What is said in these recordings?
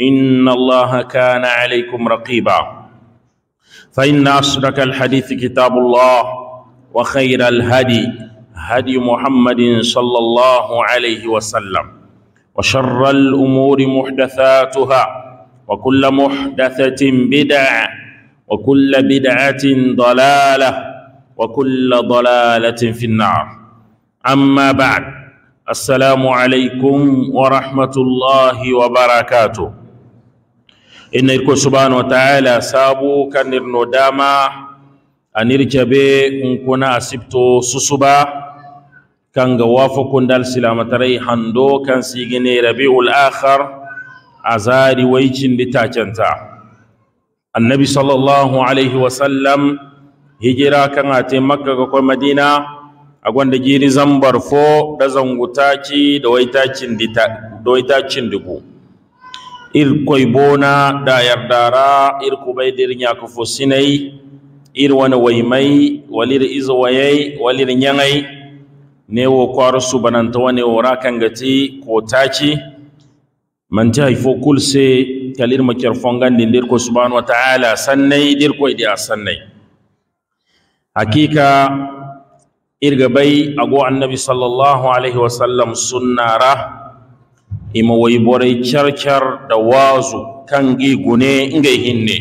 إن الله كان عليكم رقيبا فإن أصدق الحديث كتاب الله وخير الهدي هدي محمد صلى الله عليه وسلم وشر الأمور محدثاتها وكل محدثة بدعة وكل بدعة ضلالة وكل ضلالة في النار أما بعد السلام عليكم ورحمة الله وبركاته innairko subhanahu wa ta'ala sabu kanirno dama anirjabe nkuna asibto susuba kanga wafo kundal silamatarai hando kan sigine rabiul akhar azari waicin litacanta annabi sallallahu alaihi wasallam hijira kan ate makka ga kwa madina a gwanda jiri zambar fo da zangutaci da waitacin dubu ir bona da yardara irku nya ko fosinai ir wana waymai walir wayai, walir nyangai ne wo kwaro subananta wane wora gati ko taci manti hay fo se kalir fongan din dir ko subhanahu wa ta'ala sannai dir ko idi asannai hakika irga bai ago annabi sallallahu alaihi wasallam sunnara ima wai borai kyarkyar da wazu kan gi gune inga hinne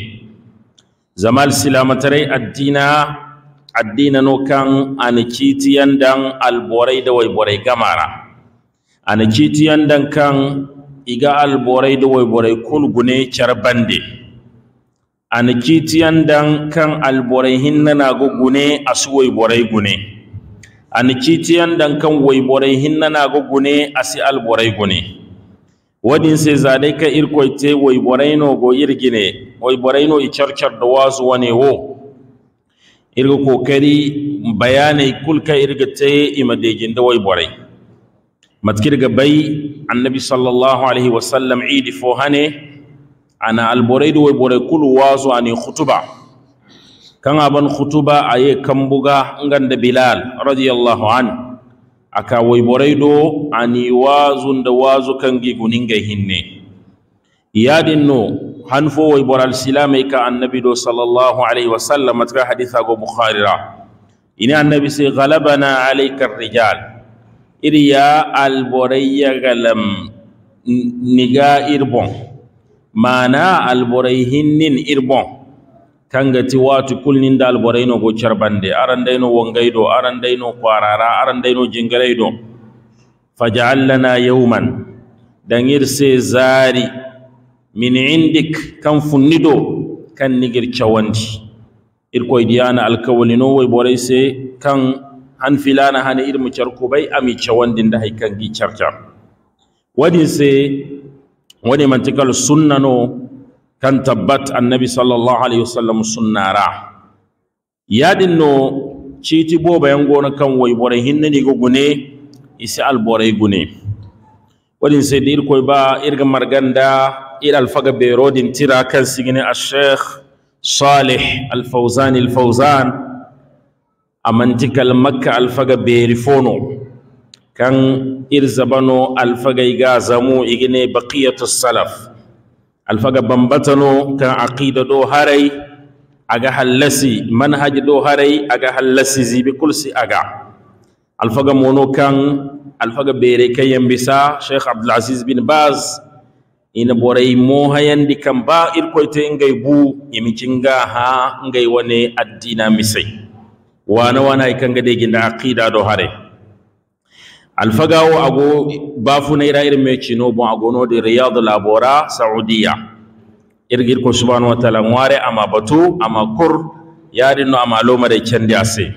zamal silamatarai addina addina no kan anikiti yandan alborai da wai borai gamara anikiti yandan kan iga alborai da wai borai kul gune bande anikiti yandan kan alborai hinna na go gune asu wai borai gune anikiti yandan kan wai borai hinna na go gune asi alborai gune wadin sai zane ka irkoyte wai boraino go irgine wai boraino i da wasu wane wo irgo kokari bayanai kulka irga te ima wai borai matkir ga bai, annabi sallallahu alaihi wasallam idi fo hane ana alboraydo wai borai kulu waasu ani khutuba kan aban khutuba aye kambuga nganda bilal radiyallahu anhu aka wayboray ɗo ani wasunda wasu kangi guninga hinne yaɗin no han fo wayboral silamey ka annabi ɗo sallallahu alaihi wa sallam atka hadisago bouharira Ina annabi si galabana alayka arrijal iriya galam niga irbon mana alboray hinnin irbon kangati watu kulninda boreno go carbande arandayno aran arandayno kwarara arandayno jingarayɗo fajal lana yawman dangir se Zari, min indik kan Funnido kan nigir cawandi irkoyɗi yana alkawali no woy boray se kan han filana hane irmu bay ami nda hay kangi charcha wadi se wani mantikal sunna no kan tabbat annabi sallallahu alaihi wasallam sunnara yadin no citi boba yango gona kan wai bore hinne ni go gune isi al bore gune wadin sai dir koy ba irga marganda ir al faga be rodin tira kan sigine al sheikh salih al fawzan al fawzan amantikal makka al faga be rifono kan ir zabano al faga ga zamu igine baqiyatus salaf alfaga bambatano kan aqida do haray aga halasi manhaj do haray aga halasi zibi kulsi aga alfaga mono kan alfaga bere kayem bisa sheikh aziz bin baz ina borai mo kan ba irkoite ngai bu cinga ha ngai wane addina misai wana wana ikanga de ginda aqida do haray alfagawo ago bafuna ira irin me cino bon agono de riyad labora saudiya irgir ko subhanahu wa ta'ala ngware ama batu ama kur yadin no ama loma de cende ase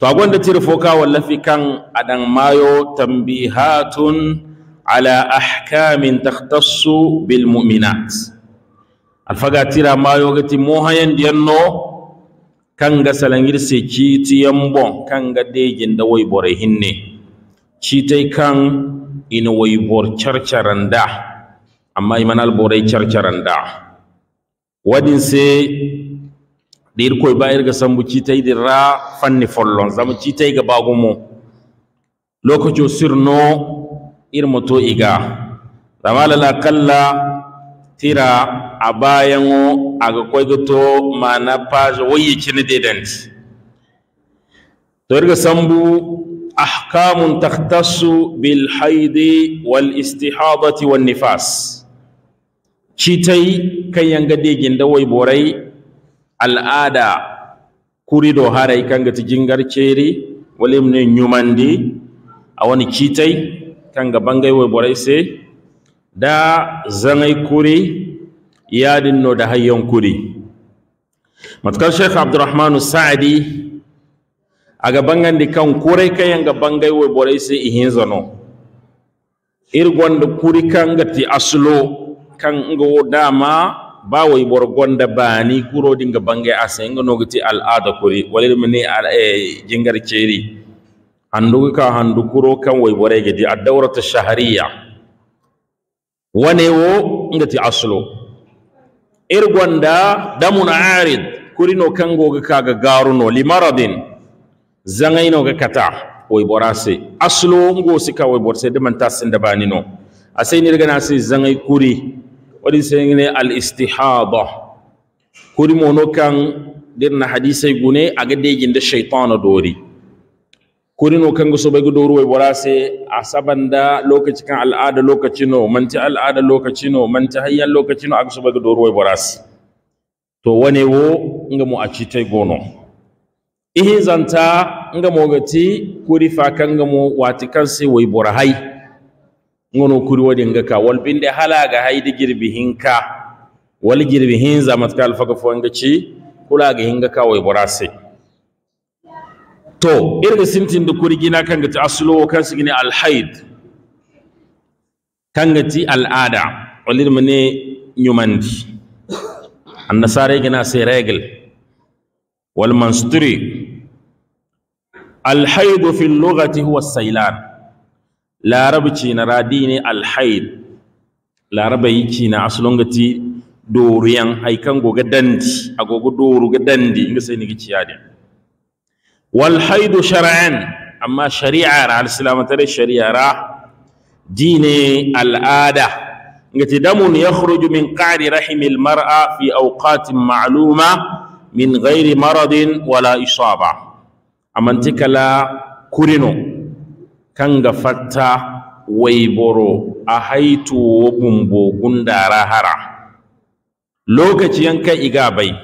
to da foka ka wallafi kan adan mayo tambihatun ala ahkamin takhtassu bil mu'minat alfaga tira mayo gati mohayen diyanno kanga salangir se kiti yambon kanga degin da way bore hinne citai kan ina waibor da, amma alborai borai da wadin se dir koy bayar ga sambu citai da ra fanni follon zamu tai ga bagumo lokaco sirno irmoto iga zamalala kalla tira a bayanwo aga koy gato mana page woyi cini dedent to ga sambu ahkamun takhtassu bil haidi wal istihabati wan nifas citai kan yanga degin da wai borai al'ada kurido harai kan ga tijingar ceri walim ne nyumandi a wani citai kan ga bangai wai sai da zangai kuri yadin no da hayyan kuri matkar sheikh abdurrahmanu sa'adi aga bangandi kan kurai nga bangai wo borai se zano ir gonda kuri kan gati aslo kan nga dama ba wo bor gonda bani kuro dinga bangai ase nga gati al ada kuri walir mini al e jingar ceri handu ka handu kuro kan wo borai gedi ad dawratu shahriya wane wo ngati aslo ir gonda damun arid kuri no kan goga ga garuno limaradin no ga kata wai borase aslo ngo sika wai borase de manta sinda no asai ni daga nasi zangai kuri wadi sai ne al istihada kuri mono kan na hadisi gune aga degin da shaytana dori kuri no kan guso bai gudo ruwai borase a saban da lokaci kan al'ada lokaci no al al'ada lokaci no manta hayya lokaci no aga so bai gudo oi borase to wane wo ngamu mu a citai gono ihi zanta nga mogati kuri fa kanga mo wati kansi way borahai ngono kuri wadi nga ka wal binde halaga haidi girbi hinka wal girbi hinza matkal faka fo nga ci kula ga hinga ka way borase to irga sintin da kuri gina kanga ta aslo kansi gine al haid kanga ti al ada walir mane nyumandi annasare gina sai regal wal mansturi alhaidu fil lughati huwa sailan larabci na radi ne alhaid laraba yiki na asulungati doriyan haikan goga dandi agogo doru ga dandi inga sai ni giciya din wal haidu shar'an amma shari'a ra al-islamatare shari'a ra dine al'ada ngati damun yakhruju min qa'ri rahimil mar'a fi awqatin ma'luma min gairi maradin wala isaba Kala kurino kanga fatta waiboro a haitu wo bumbo gundara hara lokaci yanka iga bai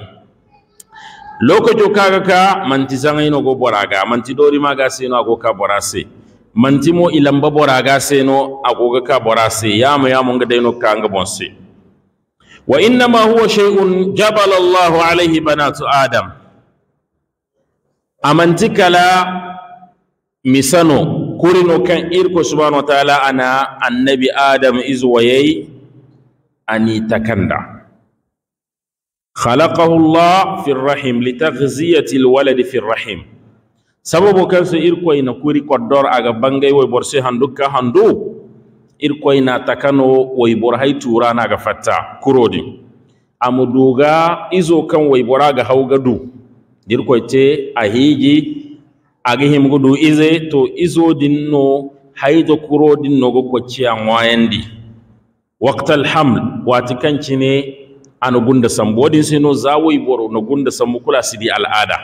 Lokaci kaga ka manti sangaino go ga manti dori ga seno ago ka bora se manti mo ilamba ga seno ago ka bora borase yamu yamu nga deno kanga bonse wa ma huwa shay'un jabala alayhi banatu adam amantikala misano kurino kan irko subhanahu wa ta'ala ana annabi adam izwayai anitakanda kanda khalaqahu allah fi rahim litaghziyati alwalad fi rahim sababu kanso irko ina kuri kodor aga bangay way borse handuka handu irko ina takano way bor hay turana ga fatta kurodi amuduga izo kan way boraga hawga du ce a hiigi aga himgudu ize to izo dinno haydo kuro dinno go kocciya ŋoyandi waqtal haml wati kancine ano gunda sambu wadin sino yi boro no gunda sambu kula sidi al'ada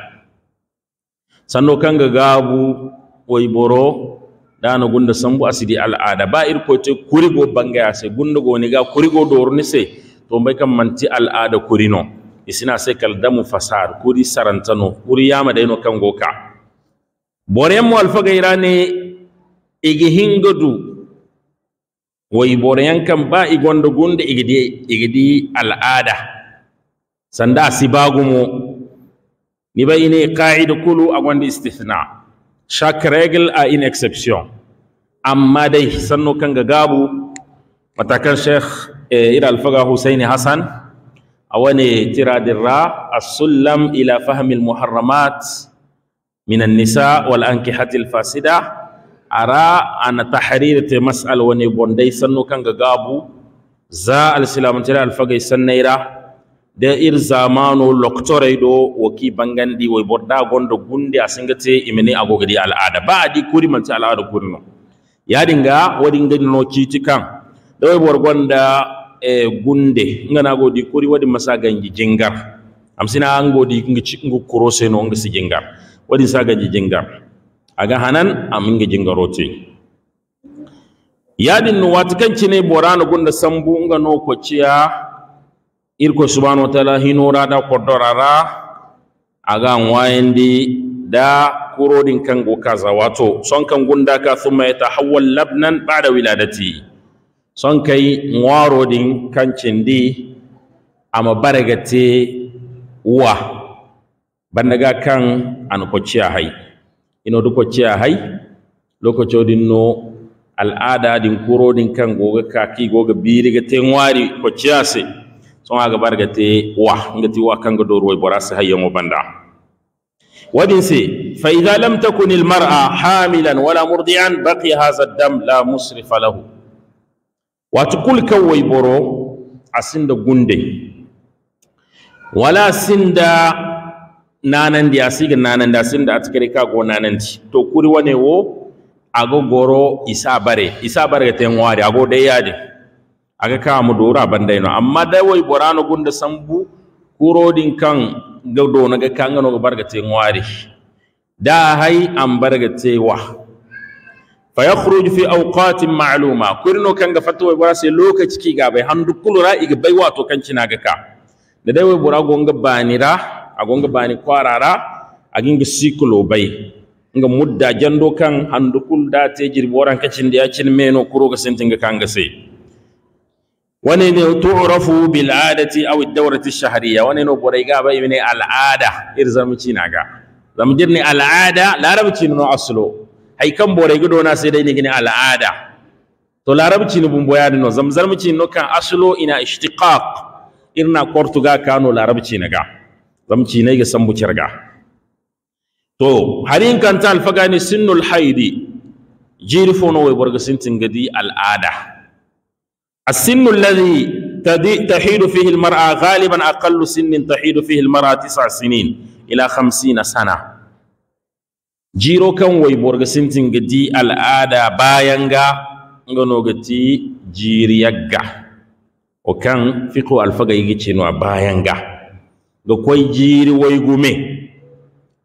sanno kanga gabu woyi boro dano gunda sambu asidi al'ada ba irko ce kurigo bangaya se gunda goni ga kurigo dorni se to mai kam manti al'ada kurino isina sai kaldamu fasar kuri sarantano kuri yama goka. Bore ka boreyammo alfaga irane igi hingodu Wai bore yankan ba igondo gunde igidi igidi al'ada sanda mu ni ba ne qaid kulu agonde istithna shak regel a in exception amma dai sanno kan gabu matakan sheikh eh, ira alfaga husaini hasan awane tiradirra asullam ila fahmi muharramat min an-nisa wal ankihati al-fasida ara ana tahrir te mas'al wani bondai sannu kan gabu za al-silamun tira al-fagai sannaira da ir zamanu loktore do waki bangandi way bodda gondo gunde asingate imene agogadi al-ada ba'di kuri man ta al kurno ya dinga wadin gadino kitikan da way borgonda E, gunde nga na godi kuri wadi masaga ngi jingar amsina angodi ngi ngi korose no ngi jingar wadi saga ngi jingar aga hanan am ngi jingarote yadin no watkan ne borano gunda sambu nga no ko ciya irko subhanahu wa ta'ala hinora da dorara aga ngwaindi da kurodin kango kaza wato son kan gunda ka thumma yatahawwal labnan ba'da wiladati Son kai nwaro sonkai ŋwaroɗin kancindi ama baragate wa bandaga kan an ana duk hay a hai Lokacin din no al'ada din kuro din kan goga kaki goga birigate ŋwari a se son aga baragate wa ngati wa kanga doroy borase hayyango banda wadin se fa ida lam takun mar'a hamilan wala murdi'an baqi hadha dam la musrifa lahu wati kulkan waiboro a sinda gunde wala sinda da a ga nanan a sinda a cikin ka go ci to kuri wane wo ago goro isa bare isa bare ga tayin wari ago dai yadi aga ka mu dora banda ino amma dai wai borano gunda sambu kurodin kan ga do na ga kan ga no ga barga tayin wari da hai an barga tayi wa fa yakhruj fi awqatin ma'luma kurno kanga fatwa bora se lokaci ki ga bai handu kulura iga bai wato kan ga ka da dai wai bora gonga banira a gonga bani kwarara a ginga sikulo bai nga mudda jando kan handu kul da te jir boran kacin da yacin meno kuro ga sentinga kanga sai wani ne tu'rafu bil adati aw ad-dawrati wani no borai ga bai ne al'ada irzamici na ga zamjir ne al'ada larabci no aslo hay kan boray godo na sai dai ni gine al'ada to larabci ni bumbo ya dino zamzarmici no kan aslo ina ishtiqaq irna kortuga kano larabci na ga zamci ne ga sambu kirga to harin kan ta alfaga ni sinnul haidi jirfo no way borga sintin gadi al'ada السن الذي تحيد فيه المرأة غالبا أقل سن تحيد فيه المرأة تسع سنين إلى خمسين sana. jiro kan waiborga sintin ga di al'ada bayan ga ngano ga ti jiriyagga o kan fiqo alfaga yigi cinwa bayan ga ga koy jiri waygume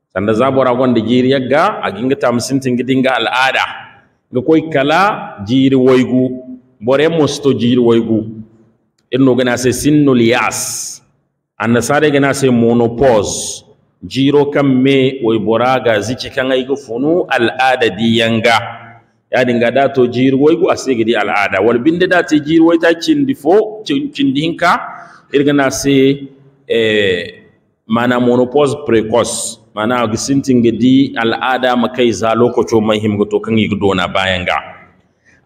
sanda zabora gonda jiriyagga a ginga tam sintin ga al'ada ga koy kala jiri waigu, bore mosto jiri waygu inno gana sai sinnul yas annasare gana sai monopause jiro kan me wai ga zici kan aigu funu al'ada di yanga ya dinga da to jiro wai gu gidi al'ada wal binde da ta jiro wai ta cindi fo cindi hinka na se eh mana monopause precoce mana gisintin gidi al'ada makai za lokaco mai himgo to kan yigo na bayan ga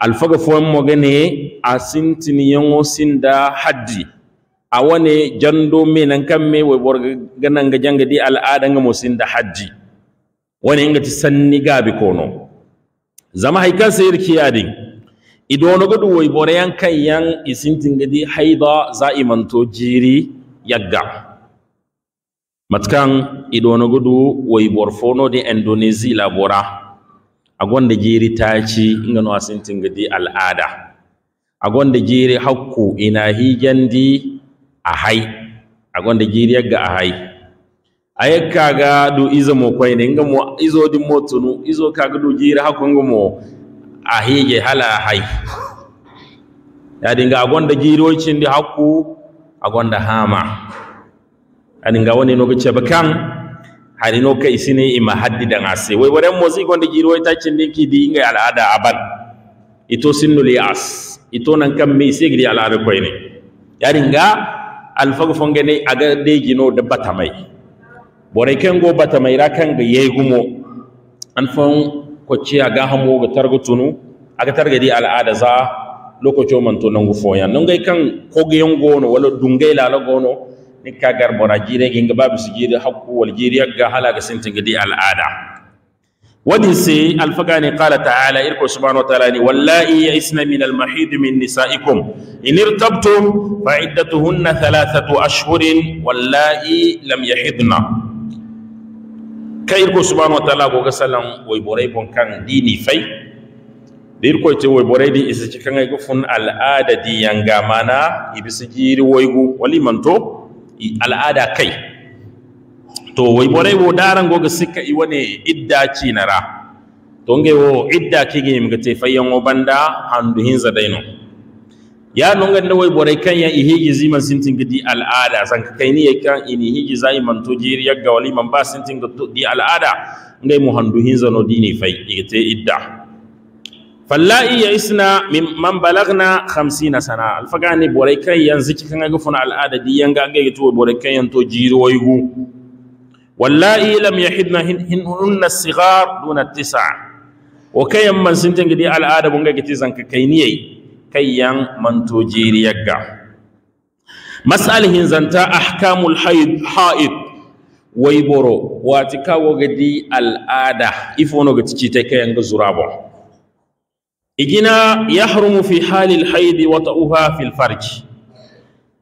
alfaga fo mo gane asintin yango sinda haddi awane jando menan kamme wo borga ga jan gadi al'ada ga musin da hajji wani inga ti sanni gabi kono zama haikan sayir kiyadin wani gudu wo bore yan kan yan isintin gadi haida za'imanto jiri yagga matkan wani gudu wo fono da indonesia labora gwanda jiri taci inga no asintin gadi al'ada gwanda jiri hakku ina di. ahay agonde jiiriyagga a aye kaga du izo mo koyne ne mo izo di motunu tunu izo kaga du giri hakko nga mo ahije hala ahay yadi nga agonda haku hakku agonda hama ani nga woni nogo ceba kan hari no kai sine ima haddidan ase wai waren mozi gonda jiiroyta cindinki di nga al'ada ban ito sinnul yas ito nan kam mi sigri al'ada ne ya dinga alfagu ne aga no da batamai boray kengo kan kanga gumo an fon ci aga ga targa tunu aga targa di al'ada za lokaco manto nangu nan nongay kan kogeyon gono wala la lala gono ni gar bora jire ginga babu sigiri hakku wal jire ga sintin sintinga di al'ada wadin se ne kala ta'ala irko subhanahu wa ta'ala ni wallahi isna min al-mahid min nisa'ikum in irtabtum fa iddatuhunna thalathatu ashhurin wallahi lam yahidna kai irko subhanahu wa ta'ala go gasalan way boray bon kan dini fay dir ko te way boray di isa ci kan ay gufun al'ada di yanga mana ibisi jiri waygu wali manto al'ada kai to wai boray wo darango ga sika i wane idda cinara to nge wo idda mi ga te wo banda handu za dayno ya nonga nda wai boray kan ya i hiji sintin sintinga di al'ada kai ni ya kan hi hiji za i manto jiri ga wali man ba sintinga to di al'ada nge mu handu za no dini fay igate idda falla'i ya isna man balagna 50 sana alfagani borai kai yanzu kika ga funa al'ada di yanga ga yito borai kai yanto jiro waygu wallahi lam yahidna hinhunna sigar duna tis'a o kayan man sinten gidi al'ada bunga giti zanka kainiyai kayan manto jiriyagga mas'alihin zanta ahkamul haid haid waiboro wati kawo gidi al'ada ifono gati ta kayan ga zurabo igina yahrumu fi halil haidi wata'uha fil farji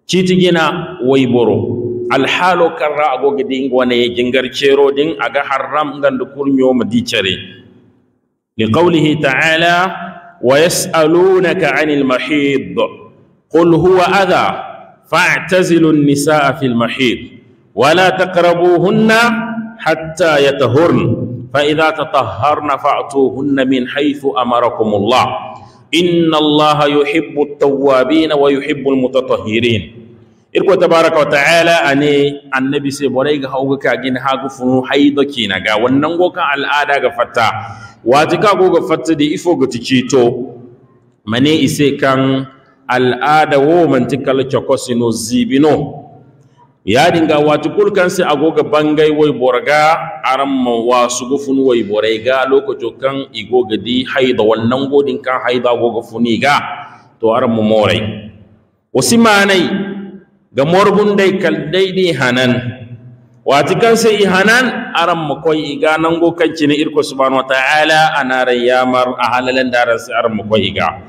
Citigina, waiboro alhaalo karra agoge ɗi gone jingar ceeroɗin aga harram gandu pour ñooma dicere liqawlihi taala wa yasalunaka ani lmahid qul huwa ada fatazilu nnisaa fi lmahid wala taqrabuhunna hatta yatahurn فإذا تطهرن فأتوهن من حيث أمركم الله إن الله يحب التوابين ويحب المتطهرين irko tabaraka wa ta'ala ane annabi sai borai ga hauga ka gin hagu funu haido kina ga wannan gokan al'ada ga fatta wati ka goga fata fatta da ifo ga tici to mane ise kan al'ada wo man tikal chokosino zibino ya dinga wati kulkan sai agoga bangai wai borga aran ma wasu gufun wai borai ga lokacin kan igoga di haida wannan godin kan haida goga funi ga to aran mu morai wasu manai ga morbunday kaldayɗi hanan wati kan se i hanan aran ma koy iga nango kancine irko subhanahu wa taala anaran yamar a halalen daran se aran ma koy iga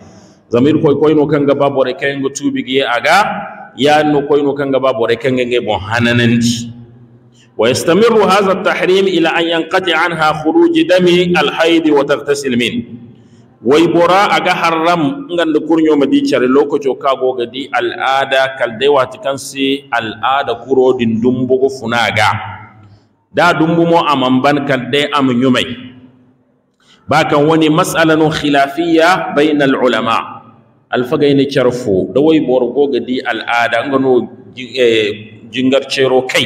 zama irkoy koyno kanga babore kayngo tuubigiye aga yanno koyno kanga babore kange nge bon hananandi ويستمر ila an إلى أن ينقطع عنها خروج دم الحيض وتغتسل منه Wai bora aga ngan da kurnyo madi chare lokoco kago di al'ada kalde kan si al'ada kuro din go funaga da dumbumo amamban kalde am nyumai bakan wani mas'alanu khilafiyya al ulama alfagai ne charfu da wai way borgo di al'ada no eh, jingar cero kai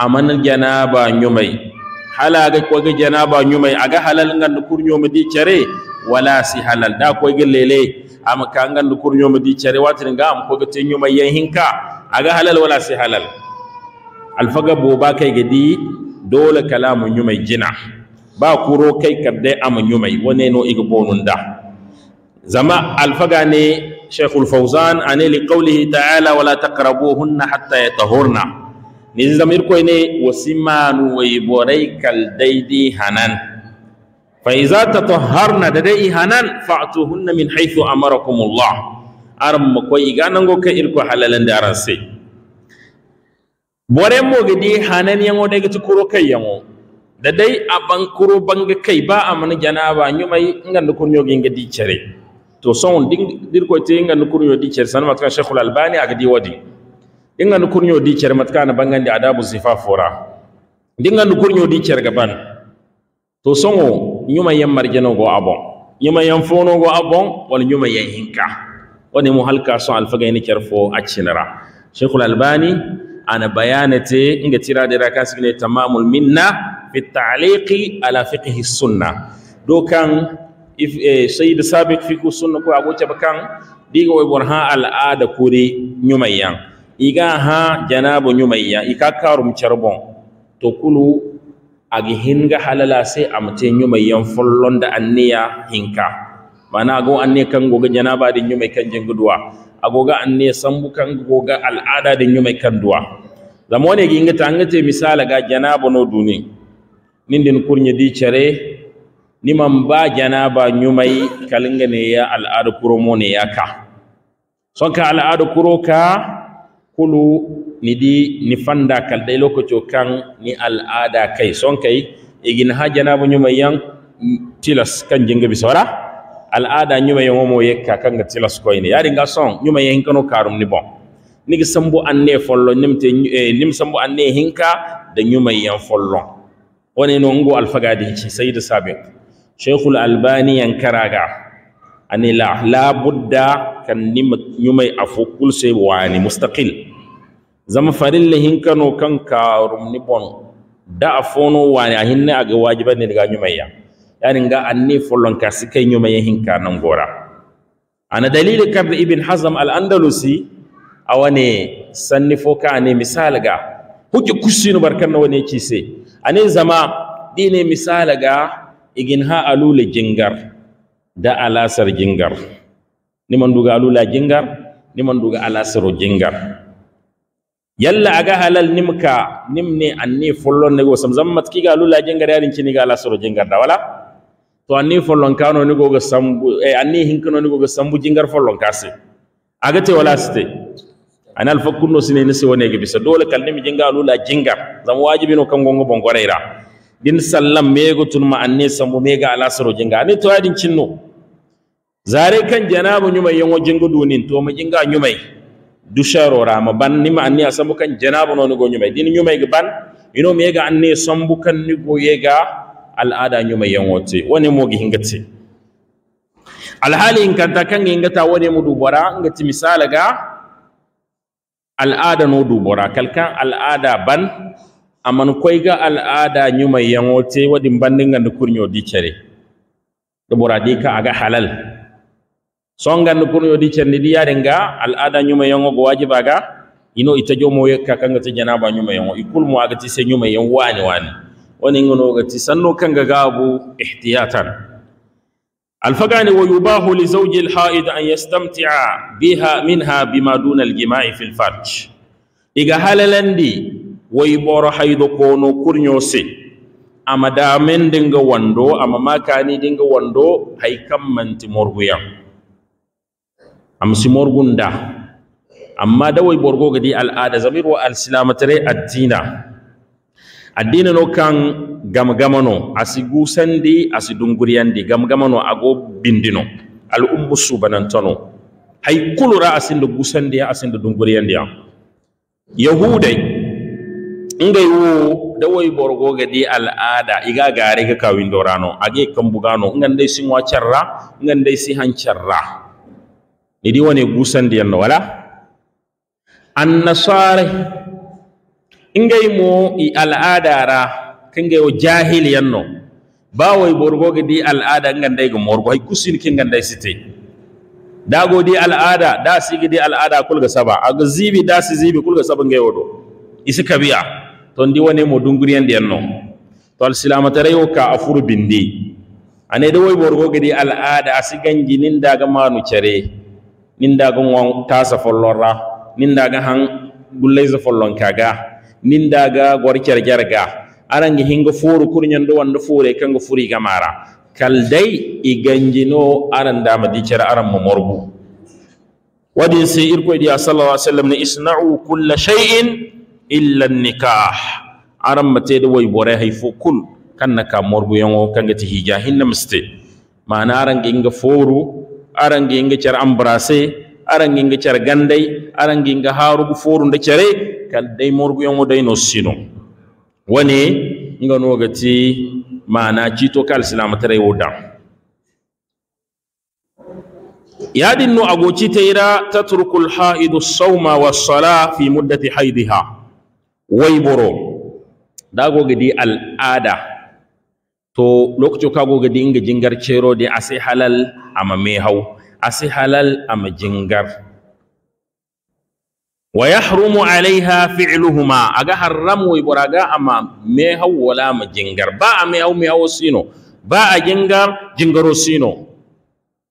amanan janaba nyumai hala ga ko ga janaba nyumai aga halal nganda kurnyo di chare wala si halal da ko gi lele am ka ngan du kur ga am ko gate nyoma yen hinka aga halal wala si halal alfaga bo ba gadi dole kalamu nyoma jina ba kuro kai kadde am nyoma wone no igi bonun da zama alfaga ne shaykhul fawzan ane li qawlihi ta'ala wala taqrabuhunna hatta yatahurna ni zamir ko ne wasimanu wa borai kal daidi hanan fa iza tatahharna da dai ihanan fa'tuhunna min haythu amarakumullah aram ko iganango ka irko halalan da aran sai boren mo gidi hanan yango daga tukuro kai yango da dai a bankuro banga kai ba a mana janaba nyumai ngan kurnyo ginga di cere to son dirko te ngan kurnyo di cere san matkan shaykhul albani agadi wadi dinga kurnyo di cere matkan bangan da adabu sifa fora dinga kurnyo di cere gaban to songo nyuma yan marjano go abon nyuma yan fono go abon wal nyuma yan hinka wani mu halka so alfaga ni kerfo a cinara shaykhul albani ana bayanate inga tira da raka signe tamamul minna fi ta'liqi ala fiqhi sunna dokan if eh, sayyid sabiq fiqhu sunna ko agoce bakan diga way al al'ada kuri nyuma yan iga ha janabu nyuma yan ikakarum charbon to kulu agi hinga halala se amte nyuma yan da anniya hinka mana ago anne kan goga janaba din nyuma kan jengudwa agoga anne sambu kan goga al'ada din nyuma kan duwa zamone gi ngata ngate misala ga janaba no duni nindin kurnye di chere man ba janaba nyuma kalinga ne ya al'ada kuro mo ne ya ka sonka al'ada kuro ka kulu ni di ni fanda kal dai lokaco kan ni al'ada kai son kai igin ha janabu nyuma yang tilas kan jinga bisora al'ada nyuma yang mo yekka kan ga tilas ko ni yari nga son nyuma yang kanu karum ni bon ni gi sambu anne follo nimte nim eh, sambu anne hinka da nyuma yang follo wani no ngo fagadi ci sayyid sabiq shaykhul albani yan karaga ani la budda kan nim nyuma afukul sai wani mustaqil zama farin lahin kano kan ni bon da a fono wani a hinne a ga wajiban ne daga nyumayya yani ga anni folon ka sikai nyumayya hinka nan gora ana dalili kabri ibn hazm al andalusi a wani sanni foka ne misal ga huke kusinu barkan na wani ci se ane zama dine misal ga igin ha alule jingar da alasar jingar ni man duga alula jingar ni man duga alasaro jingar yalla aga halal nimka nimne anni follon samzam sam ki galu la jengar yarin chini ga soro jengar da wala to anni follon kano nego go sambu e anni hinkano nego ga sambu jengar follon kase aga te wala ste anal fakkunno sine ni se wonege bisa dole kal nimi lu la jengar zam wajibi no kan gongo bongoreira din sallam mego tun ma anni sambu mega ala soro jengar ni to yadin chinno zare kan janabu nyumai yongo jengo dunin to ma jenga nyumai rama ban nima anni a sambukan janabu ni go ñumay dini ñumayga ban ino mi ga anni sambukan ni go yega al aada ñumay yanwotte woni hingati al hali in kanta kan kange ingata woni mu dubora ngati misala ga al aada no dubora kalkan al aada ban aman ga al aada ñumay yanwotte waɗi bandinga nde kurño di cere dubora di ka aga halal songandu kono yo ɗi cenndi ɗi yaren nga al'ada nyuma o go wajiba ga ino itta jomo yekka kanga ti janaba ñumeyon o ikulmo aga ti se ñumeyon wani. Wani woni ngono ga ti sanno kanga gaabu ihtiyatan alfagani wa yubahu li zawji alhaid an yastamtia biha minha bima duna aljimai fi lfarj iga halalandi woyi ɓoro haydo kono kurño se ama damen dinga wando ama makani dinga wando hay kam manti morguyan amsi morgunda amma dawai borgo gadi al'ada zamir wa alsilamatare addina addina no kan gamgamano asigu gusandi asi dunguriyandi gamgamano ago bindino al'ummu subanantano hay kulura asinda gusandi asinda dunguriyandi yahudai ngai wo dawai borgo gadi al'ada iga gare ga kawindorano age kambugano ngandai sin wacarra ngandai si hancarra idi woni gusan yanno wala annasare ingay mo i al'adara kangay o jahil yanno bawoy borgoge di al'ada nganday go morgo hay kusin ke nganday site dago di al'ada da sigi di al'ada kulga saba ga zibi da si zibi kulga saba ngay odo isi biya. to ndi woni mo dunguriyan yanno to al silamatare o ka afuru bindi ane da woy borgoge di al'ada asi daga manu care nindaga ŋon tasa follorra ga han za follon kaga nindaga gor cerjarga arange hinga foru kurñando wanda fure kanga ga mara kal dai i ganjino aran dama dicara aran mo morbu wadi se irko a sallallahu alaihi wasallam ni isnau kull shay'in illa nikah aran do way bore hay fo kul na ka yango yongo kanga ti hija hinna miste mana aran inga furu. arangi inga char ambrase arangi inga char gandai arangi inga harugu foru nda chare kal morgu yongo day no sino wani inga no gati mana cito kal silamatare wodan yadin no agoci ta yira ta turkul ha'idu sawma wa sala fi muddati haidiha wai boro dago gidi al'ada to lokacin kago ga dinga jingar cero de sai halal ama mame hau sai halal ama jingar wa yahrumu alaiha fi'luhuma aga haramu iburaga ama me hau wala ma jingar ba a me hau me hau sino ba a jingar jingaro sino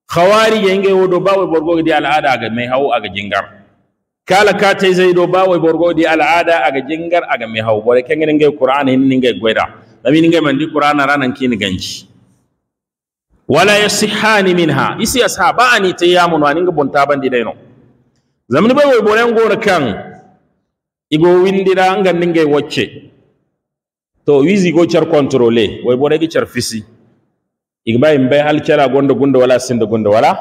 khawari yenge wodo ba wa borgo di al'ada aga me hau aga jingar kala kate zaido ba wa borgo di al'ada aga jingar aga me hau bore kengene ngai qur'an hin ngai gweda lamini ngai mandi qur'ana ranan kini ganji wala yasihani minha isi ashaba ani tayamun wani ngi bonta bandi dayno zamni bawo boren gora kan igo windira ngan ngai wacce to wizi go char controle way bore gi char fisi igba imbe hal chala gondo gondo wala sinda gondo wala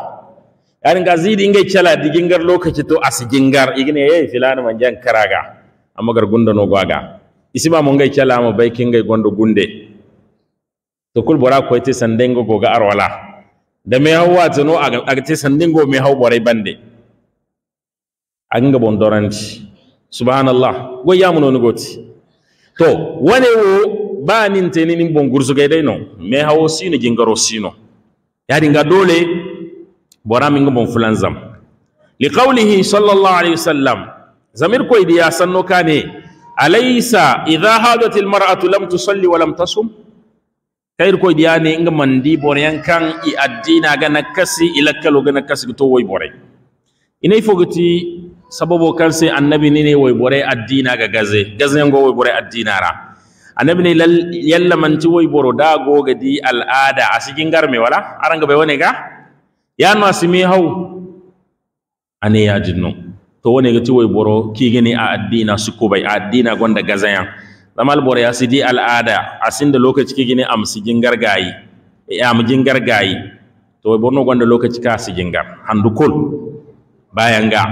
yani gazidi ngai chala digingar lokaci to asigingar igine yayi filani manjan karaga amma gondo no gwaga isiba mun gai kyala ma bai kin gai gondo gunde to kul bora ko te sandengo go ga arwala da me hawa to a aga te sandengo me haw borai bande anga bon doranci subhanallah go ya mun no goti to wane wo ba nin te nin bon gursu ga dai no me hawo sino jingaro sino ya dinga dole bora min bon li qawlihi sallallahu alaihi wasallam zamir ko idiya ya sanno kane alaisa idha hadat almar'atu lam tusalli wa lam tasum kair ko diyane nga mandi boryan kan i addina ga nakasi ila kalo ga nakasi to way bore inay fogati sababo kan sai annabi ni ne way bore addina ga gaze gaze ngo way bore addina ra annabi ne yalla man ci way boro da go ga di al'ada asigin garme wala aranga be woni ga ya no asimi hau ane ya jinnu to woni gati woy boro kigini a addina su sukkubay a addina gonda gazayan zamal boro ya sidi al'ada A sin da lokaci kigini am sijingar gayi eh, am jingar gayi to woy borno gonda lokaci ka sijingar handu kul bayanga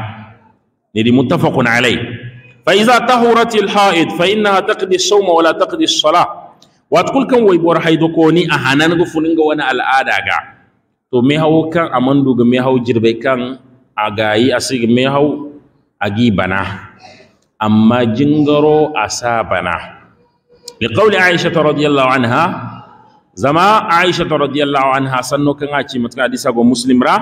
nidi muttafaqun alay fa iza tahurat al haid fa innaha taqdi as-sawm wa la taqdi as-salah wat kul kan woy boro haydo koni a hanan go ga wani al'ada ga to me hawo kan amandu ga me hawo jirbe kan a gayi asigi me hawo agi bana amma jingaro asa bana Aisha aishata radiyallahu anha zama aishata radiyallahu anha sanno kan aci matkan hadisa go muslim ra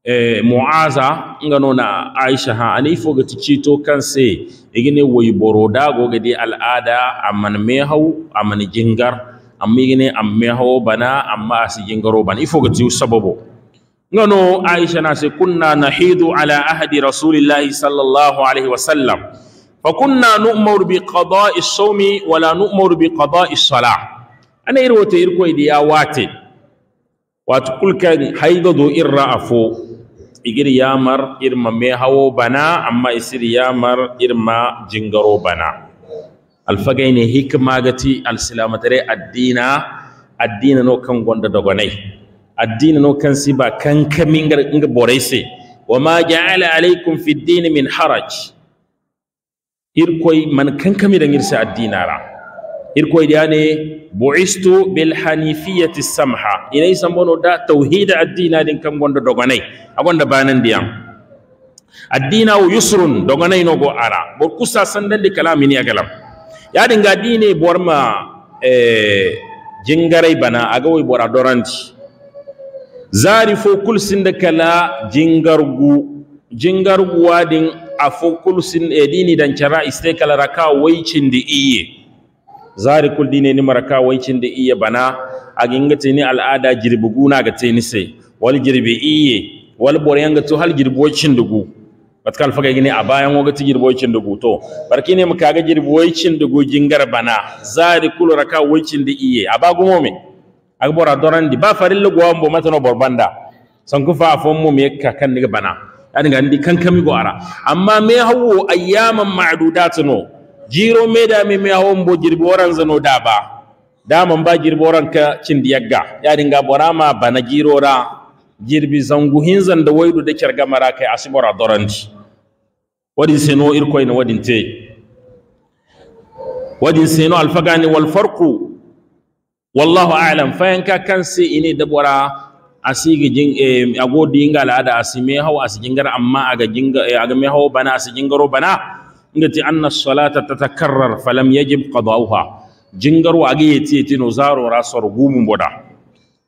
eh muaza ngano na aisha ha ani fo gati cito kan se igine e woy boroda go gadi al'ada amman mehaw amman jingar amma igine e am mehaw bana amma asi jingaro bana ifo gati sababu ngano aisha na sai kunna nahidu ala ahadi rasulillahi sallallahu alaihi wasallam fa kunna nu'mar bi qada'i as-sawmi wa la nu'mar bi qada'i as-salah ana irwote irko idi ya wate wato kulkan haido do irra afo igir yamar irma hawo bana amma isir yamar irma jingaro bana alfagai ne hikma gati alsilamatare addina addina nawa kan gonda dogonai Addinin no kan si ba kankami ga nga se wa ma ja'ala alaikum fi ddin min haraj irkoi man kankami da ngirsa addina ra da ne bu'istu bil hanifiyyati samha inay sambono da tauhid addina din kan gonda A agonda banan diyan addina wa yusrun doganay no go ara bo kusa sandandi kalamini agalam Ya dinga dine borma eh jingarai bana a wo bora doranti zari fo kulsin da kala jingargu jingargu din a fo kulsin edini eh, dan cara iste kala raka waicin da iye zari kul dine ni maraka waicin da iye bana a gingate ni al'ada na ga se wal jirbi iye wal boryan ga to hal jirbocin dugu batkal faga gini a bayan waga ti girboicin dugu to barki ne mu kaga girboicin dugu jingar bana zari kul raka waicin da iye a bagumo agbora dorandi ba farilla go ambo matano borbanda sanku fa afon mu me kan diga bana an ga ndi kan kami gwara amma me hawo ayyaman ma'dudat no jiro me da me me hawo mbo jirbo ran zano da ba Da man ba jirbo ran ka cin diyagga yani bora borama bana jiro ra jirbi zangu zan da waidu da kirga mara kai asibora dorandi wadin seno irkoy na wadin te wadin seno alfagani wal farqu wallahu a'lam fayanka kan se ine bora asigi jing eh, ago dinga la ada asime hawa asijingara amma aga jinga eh, aga me hawa bana asijingaro bana ngati anna salata tatakarrar falam yajib qada'uha jingaro aga yeti yeti no zaro rasor gumun boda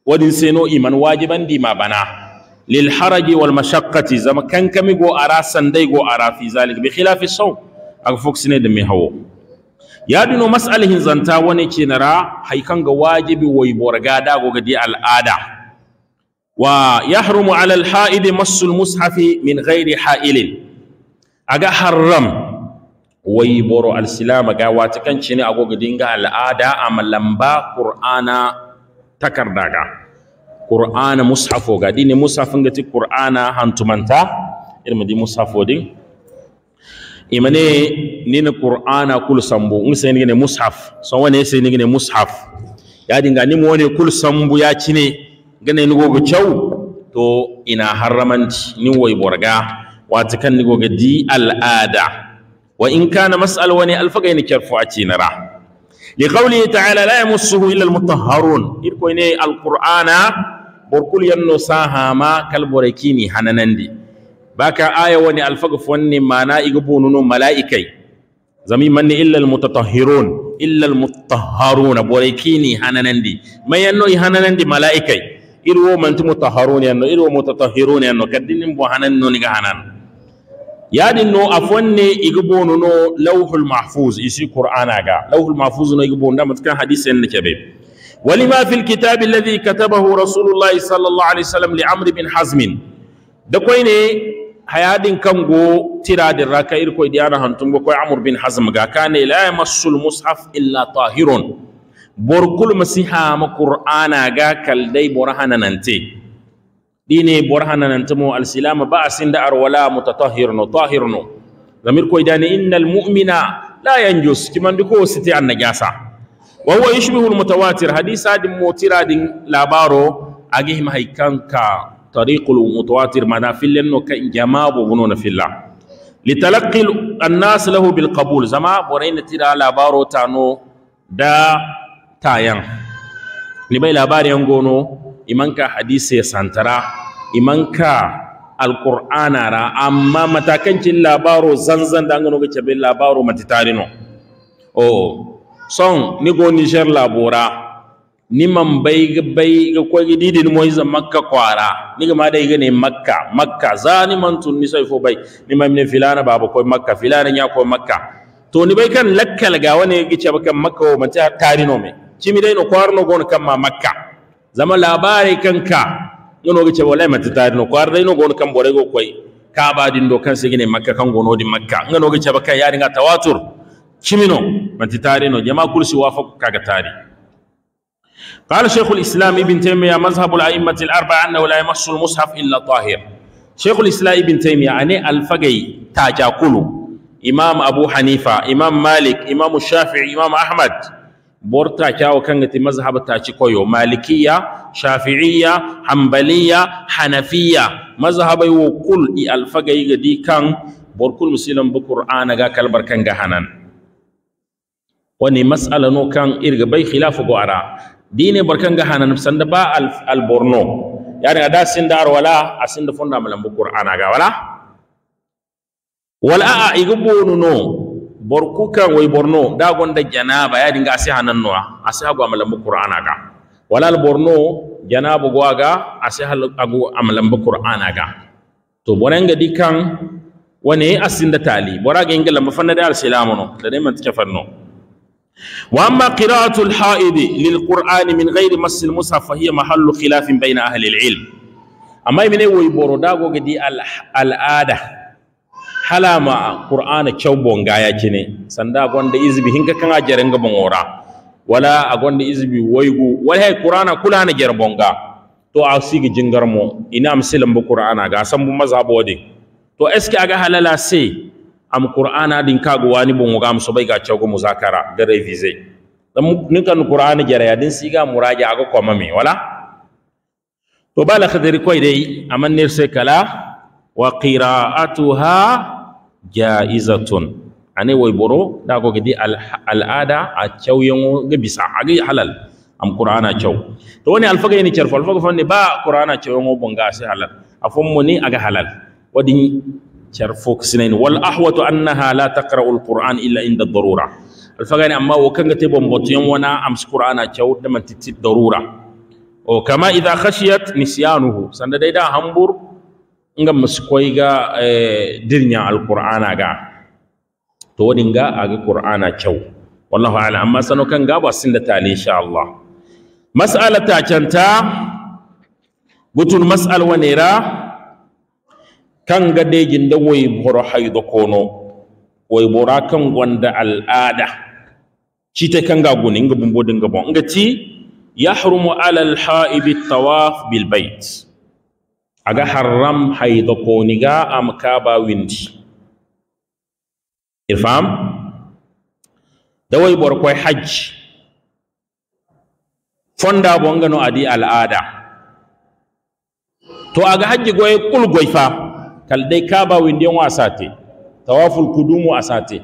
wadin seno iman wajiban di ma bana lil haraji wal mashaqqati zama kankami go arasan dai go arafi zalik bi khilafi saw aga foksine da me hawo yaɗino masalahin zanta na ra haikan ga wajibi woybora gada, gadi al'ada. aada wa yahrumu ala alhaidi massu mushafi min gayri hailin aga harram woyboro alsilama ga wata kan cene al'ada a al aada ama lamba qur'ana takardaga qur'ana mushafo ga ɗine mushafingati qur'ana hantumanta di mushafo din imane nina qur'ana kul sambu ngi sen ngene mushaf so wane sen ngene mushaf ya dinga ni mu ne kul sambu ya cine gane ni gogo kyau. to ina haramanti ni wai borga wata kan ni gogo di al'ada wa in kana mas'al wani alfaga ni kyarfu a cinara li qawli ta'ala la yamassuhu illa al-mutahharun irko ne al-qur'ana borkul yanno sahama kalborekini hananandi baka aya woni alfaga fonni mana iga bonuno malaikai zami manni illa almutatahhirun illa almutahharuna bore kini hananandi mayanno i hananandi malaikai irwo manti mutahharun yanno irwo mutatahhirun yanno kaddinin bo hananno niga hanan yadin no afonni iga bonuno lawhul mahfuz isi qur'ana ga lawhul mahfuz no iga bonda matkan hadisen ne kebe ولما في الكتاب الذي كتبه رسول الله صلى الله عليه وسلم لعمرو بن حزم da kwai ne hayadin kan go tiradin raka irko idiyana hantun go amur bin hazm ga kane la yamassul mushaf illa tahirun borkul masiha ma qur'ana ga kaldai borhananante dine borhananante mo alsilama ba asinda arwala mutatahhirno tahirno zamir koy dani innal mu'mina la yanjus kimandi ko siti an najasa wa huwa yushbihu al mutawatir hadisa din mo tiradin labaro agihim haikanka طريق المتواتر ما في لأنه كان جماع بغنون في الله لتلقي الناس له بالقبول زما بورين ترى لابارو تانو دا تايان نبي لابار ينغونو إمانكا حديث سانترا إمانكا القرآن را أما متاكن تل بارو زنزن دانغنو كتبين لابارو متتارينو أو سون نيغو نيجر لابورا niman bai bai ga kwagi didin moyi za makka kwara ga ma dai ga ne makka makka za ni man tun ni sai fo bai ni ma ne filana baba ko makka filana nya ko makka to ni bai kan lakkal ga wani gice ba kan makka o mata tarino me mi dai no no gon kan ma makka zama labari kanka nono gice wallahi mata tarino kwar dai no gon kan bore go koi ka ba din do kan ne makka kan gono din makka ngano gice ba kan ya dinga tawatur no mata tarino jama'a kursi wafa kaga tari قال شيخ الإسلام ابن تيمية مذهب الأئمة الأربعة أنه لا يمس المصحف إلا طاهر شيخ الإسلام ابن تيمية أني الفقي تاجا كله إمام أبو حنيفة إمام مالك إمام الشافعي إمام أحمد بورتا كاو كانت مذهب تاجيكويو مالكية شافعية حنبلية حنفية مذهب يوكل الفقي دي كان بوركل مسلم بقرآن غا كالبر كان غهنان wani matsala no kan irga bai khilafu go ara dine barkan ga hanan sanda ba al, borno yani ada sin dar wala da fonda malam qur'ana ga wala wala a igbonu no borku kan way borno da gonda janaba ya dinga asi hanan no asi hagu malam qur'ana ga wala al borno janaba go aga asi hagu malam bu qur'ana ga to bonen ga dikan asin da tali bora ga ingala mafanna da al silamu no da ne man tike fanno واما قراءه الحائض للقران من غير مس المصحف فهي محل خلاف بين اهل العلم اما من وي بوروداغو دي العاده hala ma qur'ana cewbo ngaya kine sanda gonda izbi hinka kanga jarenga bongora wala a gonda izbi woygu wala hay qur'ana kulana jarbonga to a sigi jingarmo ina amsilan bu qur'ana ga san bu mazhabo de to eske aga halala sai am qur'ana din kago wani bon woga am bai ga chago muzakara da revise dan nin kan qur'ana jaraya din siga muraja aga koma mami wala to bala khadiri koy dai aman ne sai kala wa qira'atuha jaizatun ane way boro da go gidi al'ada a chawyon ga bisa aga halal am qur'ana chaw to wani alfaga ni cerfo alfaga fanni ba qur'ana chawyon bonga se halal afon mo ni aga halal wadi charfok sinain wal ahwatu annaha la taqra'u alquran illa inda darura alfagani amma wo kanga te bombotiyon wana ams qur'ana chaw da man titi darura o kama idha khashiyat nisyanuhu sanda dai da hambur nga muskoi ga eh, dirnya alqur'ana ga to wadinga aga qur'ana chaw wallahu a'lam amma sano kan ga ba da tali insha Allah mas'alata canta butun mas'al wanera kanga deginda woyboro haydo kono woybora kan gonda al'ada cite kanga guni nga bumbodi nga bon nga ti yahrumu ala alhaibi tawaf bilbait aga harram haydo ga am kaba windi irfam da woybor koy hajj fonda bo no adi al'ada to aga hajji goye kul goy fa kalday kaba windiyon asate tawaful kudumu asate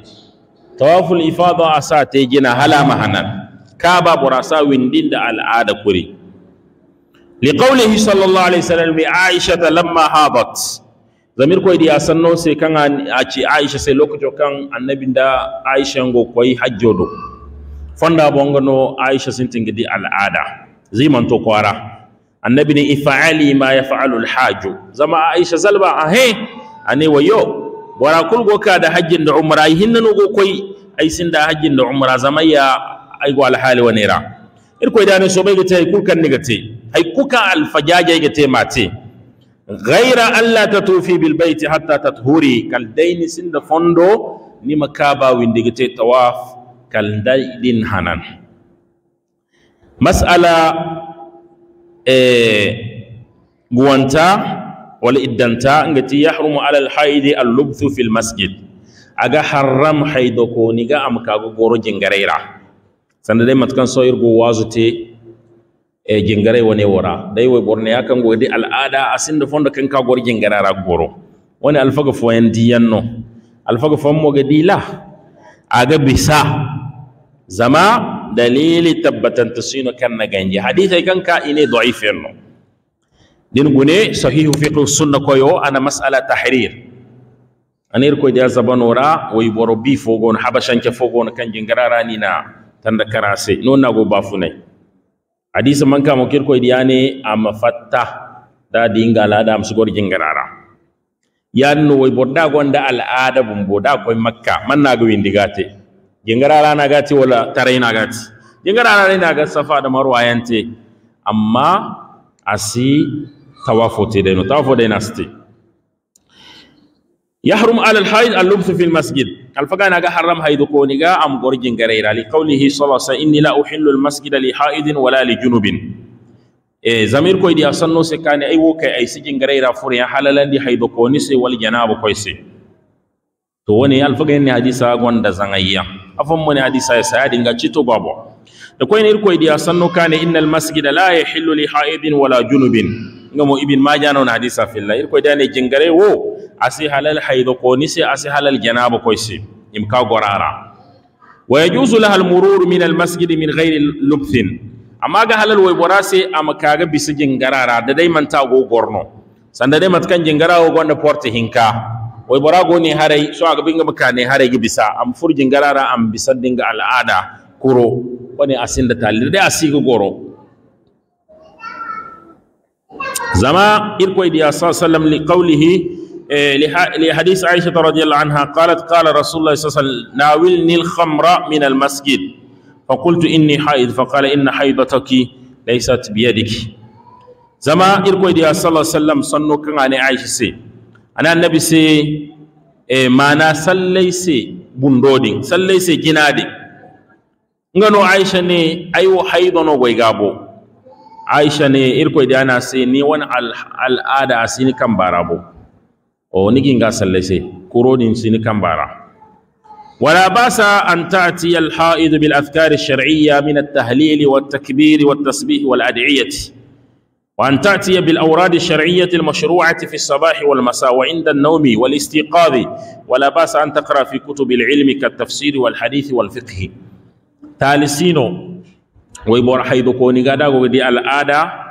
tawaful ifada asate gina hala mahanan kaba burasa windin da al'ada kuri liqawlihi sallallahu alaihi wasallam bi aisha lamma habat zamir koy di asanno se kan a ci aisha sai lokato kan annabi da aisha ngo koy hajjodo fonda bongono aisha sintingidi al'ada ziman to kwara annabi ne ifa'ali ma yaf'alu alhaju zama aisha zalba ahe ane wayo wara kulgo ka da hajjin da umra hinna no go ai sin da hajjin da umra zama ya ai hali wani ra. ir koy da ne so bai gate kul kan ai kuka alfajaje gate mate ghaira alla tatufi bil baiti hatta tathuri kal daini sin da fondo ni makaba windigate tawaf kal daidin hanan mas'ala E, guwanta wal iddanta ti yahrumu ala alal haidi al lubthu fil masjid aga haram haido ko ga am kago goro jingareira sanda dai matkan soyir go wazuti e jingare wane wora dai we borne yakan go di al'ada asinda fondo kan ka gor jingarara goro wani alfaga fo yan diyanno alfaga fo mo ga dila aga bisa zama dalili tabbatanta kan kanna ganje kan kanka ine da'ifenno din gune sahihu fiqh sunna koyo ana mas'ala tahrir anir ko ja zabanora way boro bi fogon habashan ke fogon kan jingarara ni na tanda karase non na go bafune hadisa man ka mokir ko dia ne fatta da dingala da am sugor jingarara yan no way bodda gonda al adabum bodda ko makka man na go windigate gingara rana gati wala tarai na gati gingara ala na ga safa da marwa yante amma asi tawafu te dai no tawafu dai nasti yahrum ala al haid al lubth fi al masjid al faga na ga haram haid ko ni ga am gor gingara ira li qawlihi sallallahu alaihi inni la uhillu al masjid li haidin wala li junubin e zamir ko di asanno se kane ay wo kay ay sigin gare ira fure ya halalandi haido ko ni se wal janabu ko se to woni al faga ni hadisa gonda zangayya afon hadisa ya saya dinga cito babo da ne irko idi asanno kane innal masjida la yahillu li haidin wala junubin ngamo ibn majah non hadisa fillah irko ne jingare wo asi halal haido ko ni se asi halal janaba ko se ka gorara wa yajuzu laha al murur min al masjid min ghairi lubthin amma ga halal way borase amkaga bisi jingarara da dai manta go gorno sanda dai matkan jingara go gonda porte hinka wai barago ne harai so a gabin gaba ne harai gi bisa am furjin garara am bisa dinga al'ada kuro wani asin da talir dai asi ga goro zama irkoi da sa sallam li qawlihi eh, li hadith aisha radhiyallahu anha qalat qala rasulullah sallallahu alaihi wasallam nawilni al khamra min al masjid fa qultu inni haid fa qala inna haidataki laysat bi yadiki zama irkoi da sallallahu alaihi wasallam sannu kan aisha ana annabi sai eh, mana sallai sai bundodin sallai sai ginadin nga no aisha ne aiwo haidono goy gabo aisha ne irko da ana sai ni wani al'ada sin kan barabo o nigi nga sallai sai kurodin sin kan bara wala basa an ta'ti al haid bil afkar ash shar'iyya min at tahlil wat takbir wat tasbih wal adiyati وأن تأتي بالأوراد الشرعية المشروعة في الصباح والمساء وعند النوم والاستيقاظ ولا بأس أن تقرأ في كتب العلم كالتفسير والحديث والفقه ثالثين ويبور حيث كوني غدا ودي الآداء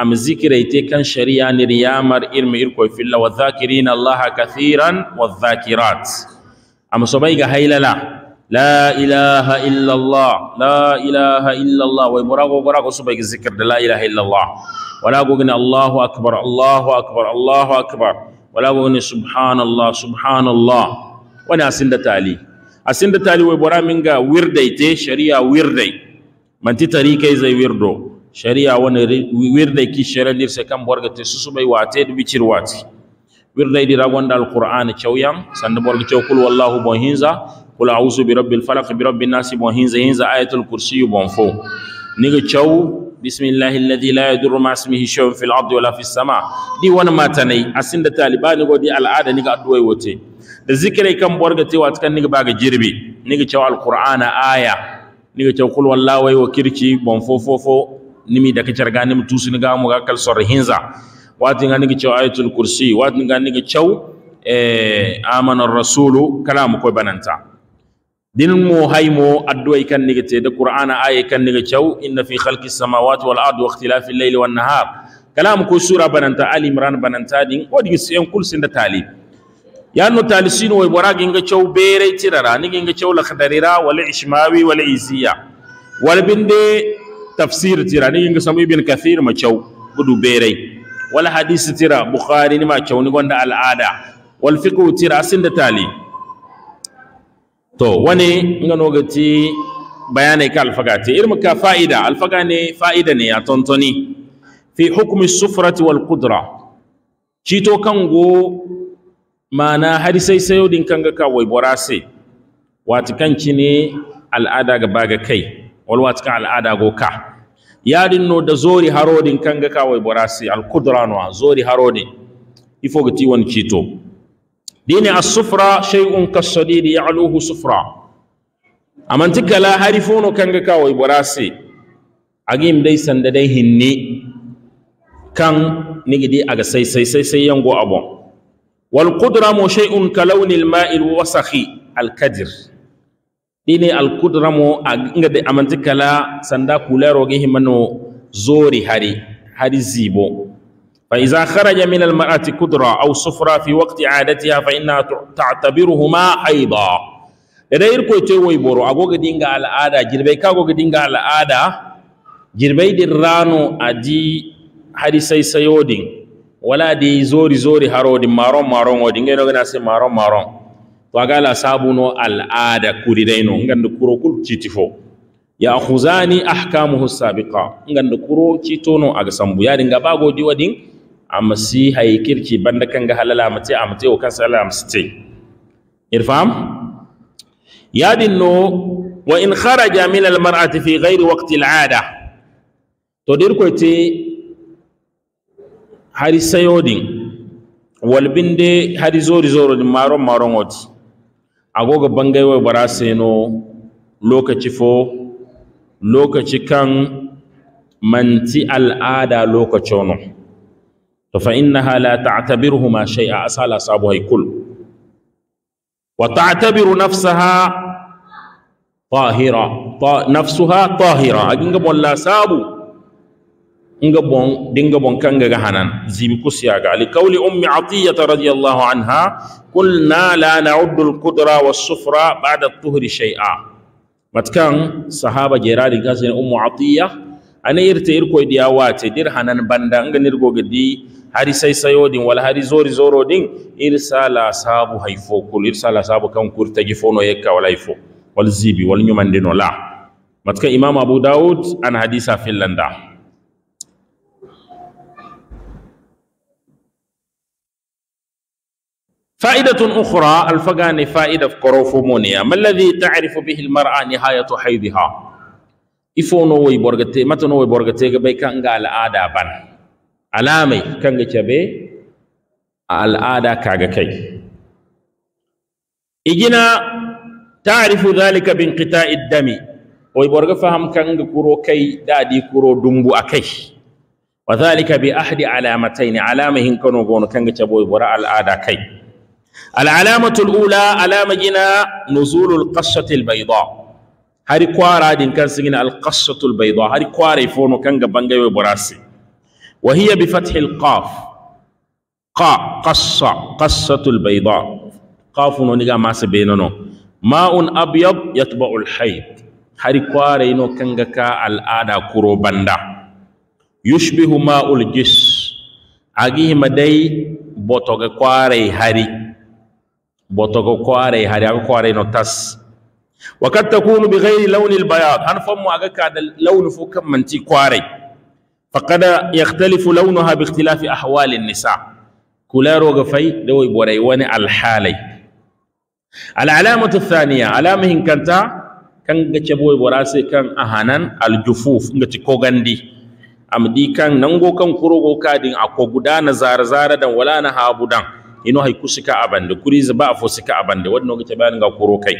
أم ذكر كان شريعة ريامر إرم إركو في الله والذاكرين الله كثيرا والذاكرات أم سبيق هيللا la ilaha illallah la ilaha illallah wai burago burago su bai zikir da la ilaha illallah wala gogin allahu akbar allahu akbar allahu akbar wala gogin subhanallah subhanallah wani asin da tali asin da tali wai bura minga wirdai te shari'a wirdai manti tarikai zai wirdo shari'a wani wirdai ki shari'a dirse kan borga te su su bai wate da bicir wati wirdai dira gonda alqur'ani chawyan sanda borga chawkul wallahu bon kul Wusu bi bil falak bi bin nasi bon hinza hinza ayatul kursi bon fo niga chaw bismillahi alladhi la yadurru ma ismihi shay'un fil ardi wala fis sama di wani matanai asinda ni godi al'ada ni niga addu'ai wote da zikirai kan borga tewa ni niga baga jirbi niga chaw alqur'ana aya niga chaw kul wallahu wa kirki bon fo fo fo nimi da kacar gani mutu ni ga mu ga kal sor hinza watin ga niga chaw ayatul kursi watin ga niga chaw eh amana rasulu kalamu ko bananta دنمو هيمو أدو أي كان نيجي ده قرآن آية كان نيجي تشو إن في خلق السماوات والأرض واختلاف الليل والنهار كلام كو سورة بنانتا آل عمران بنانتا دين ودين سيان كل سند تالي يانو تالسين ويبورا جنجا تشو بيري تيرارا نيجي تشو لخدريرا ولا إشماوي ولا إيزيا ولا بندي تفسير تيرا نيجي سمي بن كثير ما تشو بدو بيري ولا حديث تيرا بخاري ما تشو نيجي العادة والفقه تيرا سند تالي to wani nga no bayanai ka alfaga ce. irin ka fa'ida alfaga ne fa'ida ne a tontoni fi hukumi sufurati wal qudra cito kango mana hari sai sayo din kanga ka wai borase kan kanci ne al'ada ga baga kai walwa cikin al'ada go ka yadin no da zori harodin kan ga kawai borase al qudra no zori ne ifo gati wani cito dini asufra sufra shay'un ya sadidi ya'luhu sufra amantika la harifuno kanga kawo iborasi agim dai sanda dai hinni kan nigidi aga sai sai sai sai yango abon wal qudramu shay'un kalawni al-ma'i al-wasakhi al-kadir dini al-qudramu ngade amantika la sanda kulero gi himano zori hari hari zibo فإذا خرج من المرأة كدرة أو صفرة في وقت عادتها فإنها تعتبرهما أيضا إذا يركو يتوي بورو أقوك دينغا على آدا جربيكا أقوك دينغا على آدا جربي درانو أدي حديثي سيودين ولا دي زوري زوري هارو دي مارون مارون ودينغا نغنى سي مارون مارون وقال سابونو على آدا كوري دينو نغن دكورو كل تيتفو يا خزاني أحكامه السابقة نغن دكورو تيتونو أغسامبو يا دينغا باقو ديو دينغ amsi hayi kirki banda kanga halala a mace o kansa halala ce irfam ya no wa in kharaja min al mar'ati fi ghairi waqti al ada to dir ko ce hari sayodin wal binde hari zori zoro din maron maron oti agoga bangai wa bara seno lokaci fo lokaci kan manti al'ada lokaci ono فإنها لا تعتبرهما شيئا أسأل أصحابها كل وتعتبر نفسها طاهرة طا نفسها طاهرة أجنب ولا سابو نجبون دنجبون كان جهنم زيبكو سياقة لقول أم عطية رضي الله عنها قلنا لا نعد القدرة والصفرة بعد الطهر شيئا متكان صحابة جيرالي قاسين أم عطية أنا يرتير كوي دياواتي دير هنان بندا أنجا نرقو قدي hari sai sayodin wala hari zori zorodin irsala sabu haifo kul irsala sabu kan kurta gifono yekka wala ifo wal zibi wal nyumande no la matka imam abu daud an hadisa finlanda فائدة أخرى الفقان فائدة كروفومونيا ما الذي تعرف به المرأة نهاية حيضها إفونو ويبورغتي متنو ويبورغتي بيكا نغال آدابا alamai kanga kebe a al'ada kaga kai igina ta'rifu dhalika bin qita'i dami oy borga faham kanga kuro kai dadi kuro dumbu akai wa dhalika bi ahdi alamatayn alamahin kano gono kanga chabo bora al'ada kai العلامة الأولى علامة جنا نزول القشة البيضاء هاري كوارا دين كان سجن القشة البيضاء هاري كوارا يفونو كان بانجا براسي وهي بفتح القاف قا قص قصة البيضاء قاف نونيغا ما بينانو ماء أبيض يتبع الحيض هاري قاري نو كنغكا الآدا كرو بندا يشبه ماء الجس أجيه مدي بوتوغ قاري هاري بوتوغ قاري هاري أغو قاري نو تس وقد تكون بغير لون البياض هنفهم أغاكا لون فوكم منتي قاري faqada yakhtalifu launuha bi ikhtilafi ahwalin nisa kularo ga fai da wai wani alhalai al'alamatu thaniya alamahin kanta kan ga ce boy sai kan ahanan aljufuf ga ci kogandi amdi kan nango kan kurogo kadin ako gudana zara zara dan wala na habudan ino hay kusika abande kuri zaba fo sika abande wadno ga ce bayan ga kuro kai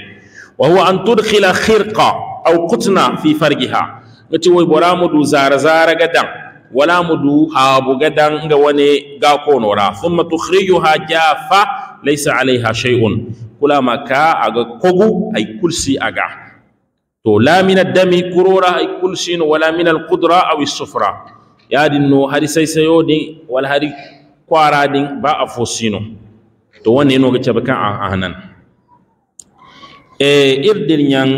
wa huwa an tudkhila khirqa aw kutna fi farjiha ga ce boy mu du zara zara gadan wala mudu a bugadan ga wani ga konora thumma tukhrijuha jafa laysa alaiha shay'un kula maka aga kogu ay kulsi aga to la min dami kurura ay kulsin wala min al-qudra aw as-sufra yadin no hari sai sayo wal hari kwara din ba a to wannan no ga cabakan a hanan e irdin yan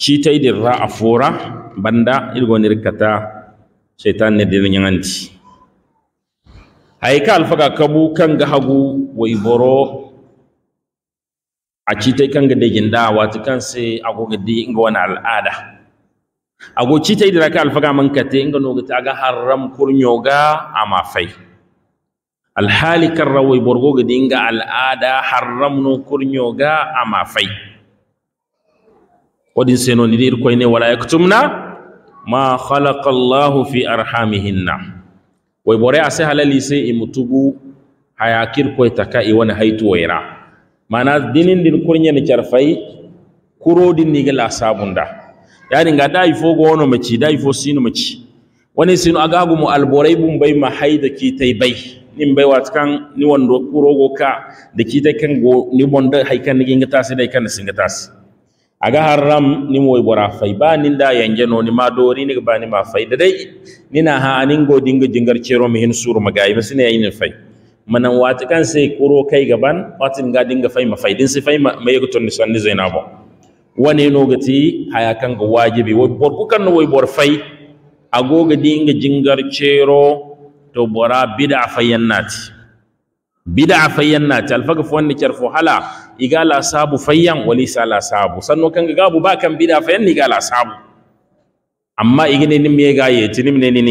citai dirra a fora banda irgonir kata shaitan ne dirin yanganci ka alfaga kabu kan ga hagu wai boro a citai kan ga dagin da wata kan sai ga di inga wani al'ada ago tai da ka alfaga man kate inga ga ta ga haram kurnyoga a mafai alhali kan rawai borgo ga inga al'ada haram no kurnyoga a mafai wadin sai no ni dir koy wala yaktumna ma khalaqallahu fi arhamihinna wai bore a sai halali sai i mutugu hayakir koy taka i wani haitu waira mana dinin din kurnya ni charfai kuro din ni gala sabunda yani ga dai fo gono maci dai fo sino maci wani sino agagu mu alborai bun bai ma haida ki tai bai nin bai watkan ni wanda kuro go ka da ki ta kan go ni bonda haikan ni ginga tasi dai kan singa tasi aga haram ni moy bora fay ba ninda yanje no ni ma dori ni ba ni ma fay da dai ni na ha anin go dinga jingar cero mi hin suru ba sine yin fay manan wati kan sai kuro kai gaban watin ga dinga fay ma fay din sai fay ma yego ton san ni zainabo wani no gati haya kan ga wajibi wo bor ku kan no wo bor fay agoga dinga jingar cero to bora bid'a fayyanati bida fayyan na ta alfaga fo wanda kyarfo hala iga la sabu fayyan wali la sabu sannu kan gabu ba kan bida fayyan ni la sabu amma igine nim ya ga ye tinim ne ni